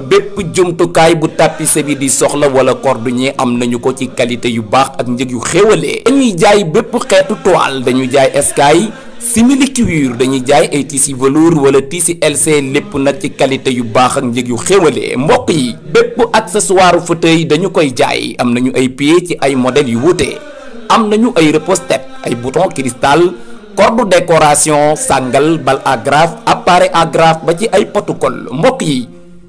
bépp jumtukaay bu tapisse bi di soxla wala cordonnier am nañu ko ci qualité yu baax ak njëg yu xéwalee dañuy jaay bépp xeetu toile dañu jaay eskay simili cuir dañuy jaay ay tissu velours wala tissu LC lépp nag ci qualité yu baax ak njëg yu xéwale mbokk yi bépp accessoire fauteuil dañu koy jaay am nañu ay pieds ci ay modèles yu wuute am nañu ay repose-tête ay bouton cristal corde décoration sangal bal agrafe appareil agrafe ba ci ay protocole mbokk yi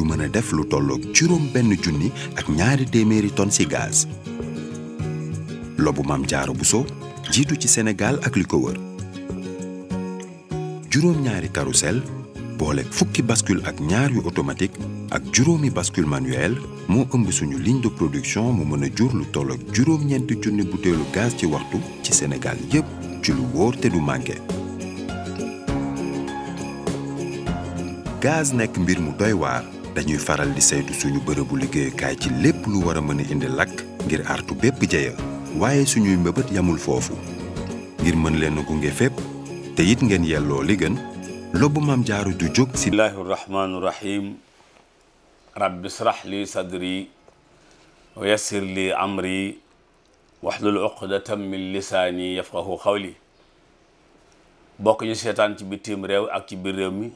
yu mën a def lu tolloog juróom junni ak ñaari téeméeri tonnes ci gaz. lobu maam jaaro Bousso jiitu ci senegal ak li ko wër juróom ñaari carrousel boole fukki baskul ak ñaar yu automatique ak juróomi baskul manuel moo ëmb suñu ligne de production mu mën a jur lu toll ak juróom-ñeenti junni butéelu gaz ci waxtu ci Sénégal yépp ci lu wóor te du manqué. gaz nekk mbir mu doy waar. dañuy faral di saytu suñu bërëbu liggéeyukaay ci lépp lu war a mën a indi lakk ngir artu bépp jeya waaye suñuy mbëbët yamul foofu ngir mën leen gunge fépp te it ngeen yelloo li gën lobbu maam jaaru du jóg si bismillahi rahmaani rahim rabbi israh li sadri wa yassir li amri waxlul uqdatan min lisaani yafqahu xawli bokk ñu seetaan ci bitim réew ak ci biir réew mi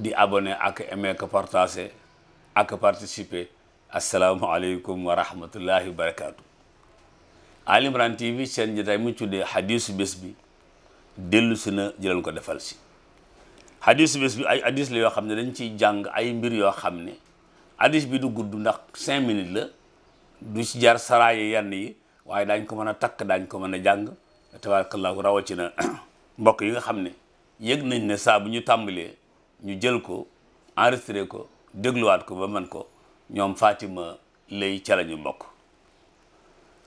di abonné ak aimer ak partager ak participer asalaamualeykum wa rahmatullahi wa barakaatu. Ali Imran TV seen jotaay mu tuddee hadisu bés bi dellu si na jëlal ko defal si hadisu bés bi ay hadis la yoo xam ne dañ ciy jàng ay mbir yoo xam ne hadis bi du gudd ndax cinq minutes la du ci jar saraaye yenn yi waaye daañ ko mën a takk daañ ko mën a jàng ci na mbokk yi nga xam ne yëg nañ ne saa bu ñu tàmbalee ñu jël ko enregistré ko dégluwaat ko ba man ko ñoom Fatima lay ca la ñu bokk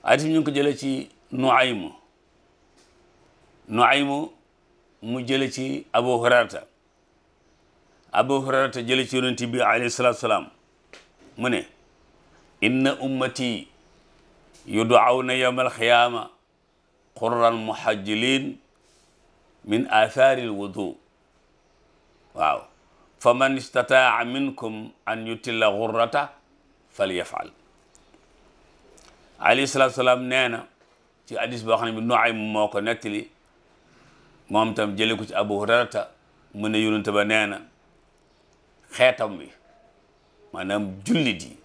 hadiis bi ñu ko jëlee ci Nuaymu Nuaymu mu jële ci Abu Hurayrata Abu Hurayrata jële ci yonent bi alayhi salaam mu ne inna ummati yud'awna yawmal qiyaama qurran muhajjilin min aathaari al waaw fa man istataa minkum an yutilla xurrata fal yafal alayhi salaam nee na ci hadis boo xam ne bi Nuaym moo ko moom tam jële ko ci Abu Hurayrata mu ne yonent ba nee na xeetam bi maanaam jullit yi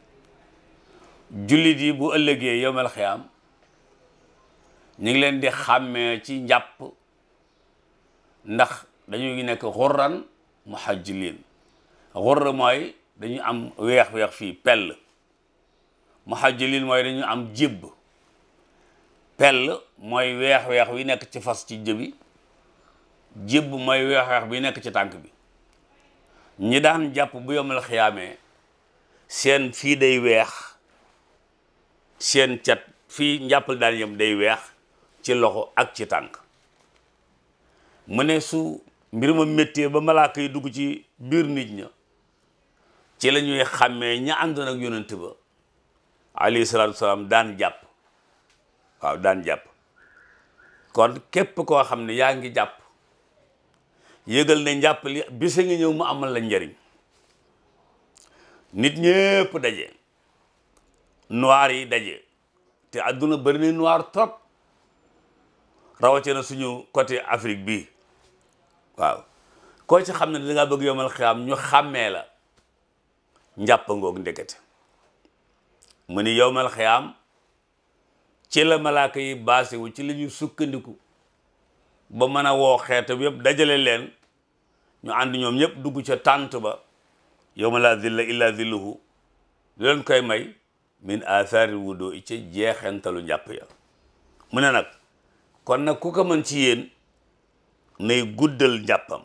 jullit yi bu ëllëgee yowmal xiyaam ñu ngi leen di xàmmee ci njàpp ndax dañuy nekk xurran muhajjilin xurr mooy dañu am weex-weex fii pell muhajjilin mooy dañu am jibb pell mooy weex-weex wi nekk ci fas ci jëbi jibb mooy weex-weex bi nekk ci tànk bi ñi daan jàpp bu yomal xiyaamee seen fii day weex seen cat fii njàppal daan yem day weex ci loxo ak ci tànk mu ne su mbir ma méttee ba malaaka yi dugg ci biir nit ña ci la ñuy xàmmee ña àndoon ak yonent ba alayhi salaatu wasalaam daan jàpp waaw daan jàpp kon képp koo xam ne yaa ngi jàpp yëgal ne njàpp li bisa ngi ñëw mu amal la njariñ nit ñépp daje noir yi daje te àdduna bëri na noir trop rawatina suñu côté afric bii waaw ko ci xam ne da ngaa bëgg yomal xiyaam ñu xàmmee la njàpp ngoog ndekete mu ni yomal xiyaam ci la malaaka yi baase ci la ñu sukkandiku ba mën a woo xeeta bi yëpp dajale leen ñu ànd ñoom ñëpp dugg ca tànt ba yawma laa zilla illa zilluhu lu leen koy may min athari wudo i ci jeexentalu njàpp ya mu ne nag kon nag ku ko mën ci yéen nay guddal njàppam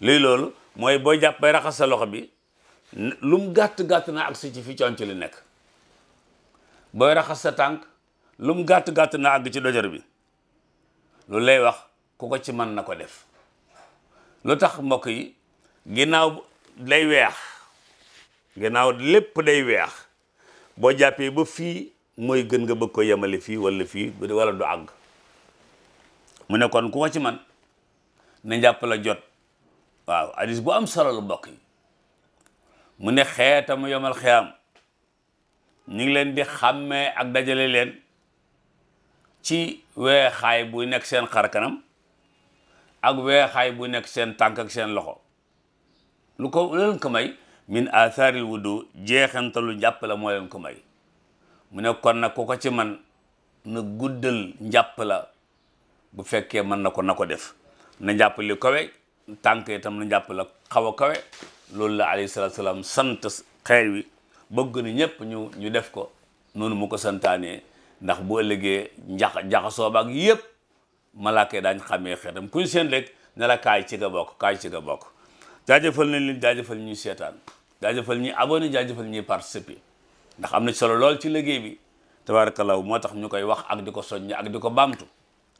lii loolu mooy booy jàpp raxas sa loxo bi lu mu gàtt-gàtt na agsi ci fi conc lu nekk booy raxas sa tànk lu mu gàtt-gàtt na àgg ci dojor bi lu lay wax ku ko ci mën na ko def lu tax mbokk yi ginnaaw day weex ginnaaw lépp day weex boo jàppee ba fii mooy gën nga bëgg ko yemale fii wala fii wala du àgg mu ne kon ku ko ci man na njàpp la jot waaw hadis bu am solo la mbokk mu ne xeetam yomal xiyaam ñu ngi leen di xàmmee ak dajale leen ci weexaay buy nekk seen xar kanam ak weexaay buy nekk seen tànk seen loxo lu ko leen may min atharil wudu jeexantalu njàpp moo leen ko may mu ne kon nag ku ko ci man na guddal njàpp la bu fekkee mën na ko na ko def na jàpp li kawe tànk itam na jàpp la xaw a kawe loolu la alayhi salaatu salaam sant xeer wi bëgg na ñëpp ñu ñu def ko noonu mu ko santaanee ndax bu ëllëgee njax jaxasoo baak yëpp malaaka yi daañ xamee xeetam kuñ seen rek ne kaay ci nga bokk kaay ci nga bokk jaajëfal nañ leen jaajëfal ñuy seetaan jaajëfal ñi abonné jaajëfal ñuy participer ndax am na solo lool ci liggéey bi tabaarakallaahu moo tax ñu koy wax ak di ko soññ ak di ko baamtu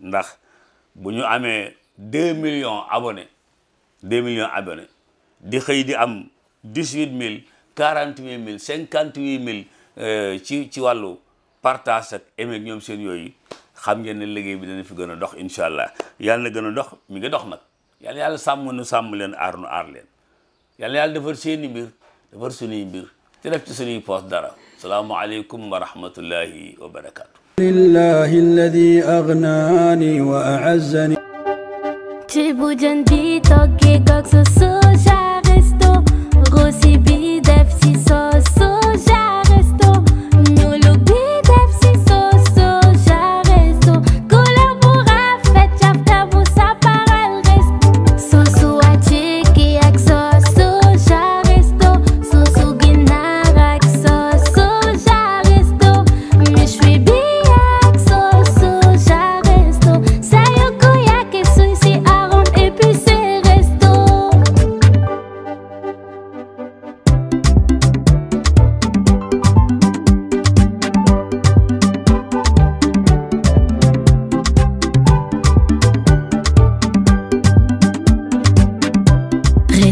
ndax bu ñu amee deux million abonnés deux millions abonnés di xëy di am dix huit mille quarante huit mille cinquante huit mille euh, ci ci wàllu partage ak aimé ñoom seen yooyu xam ngeen ne liggéey bi dana fi gën a dox incha allah yàlla na gën a dox mi ngi dox nag yàlla yàlla sàmm nu sàmm leen ar nu ar leen yàlla yàlla defar seeni mbir defar suñuy mbir te def ci suñuy poos dara salaamaaleykum wa rahmatullahi wa barakaatu. لله الذي أغناني وأعزني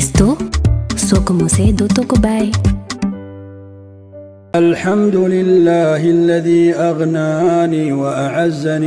resto soo commencé dootoo ko bàyyi. alhamdulilah alladi agnaani wa a'azzani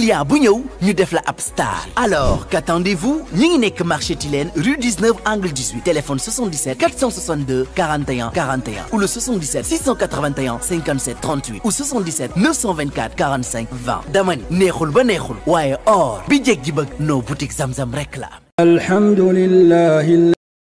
client bu ñëw ñu def la ab star alors qu'attendez-vous ñi ngi nekk marché Tilène rue 19 angle 18 téléphone 77 462 41 41 ou le 77 681 57 38 ou 77 924 45 20 dama ni neexul ba neexul waaye or bi jeg ji bëgg noo boutique Zamzam rek la alhamdulillah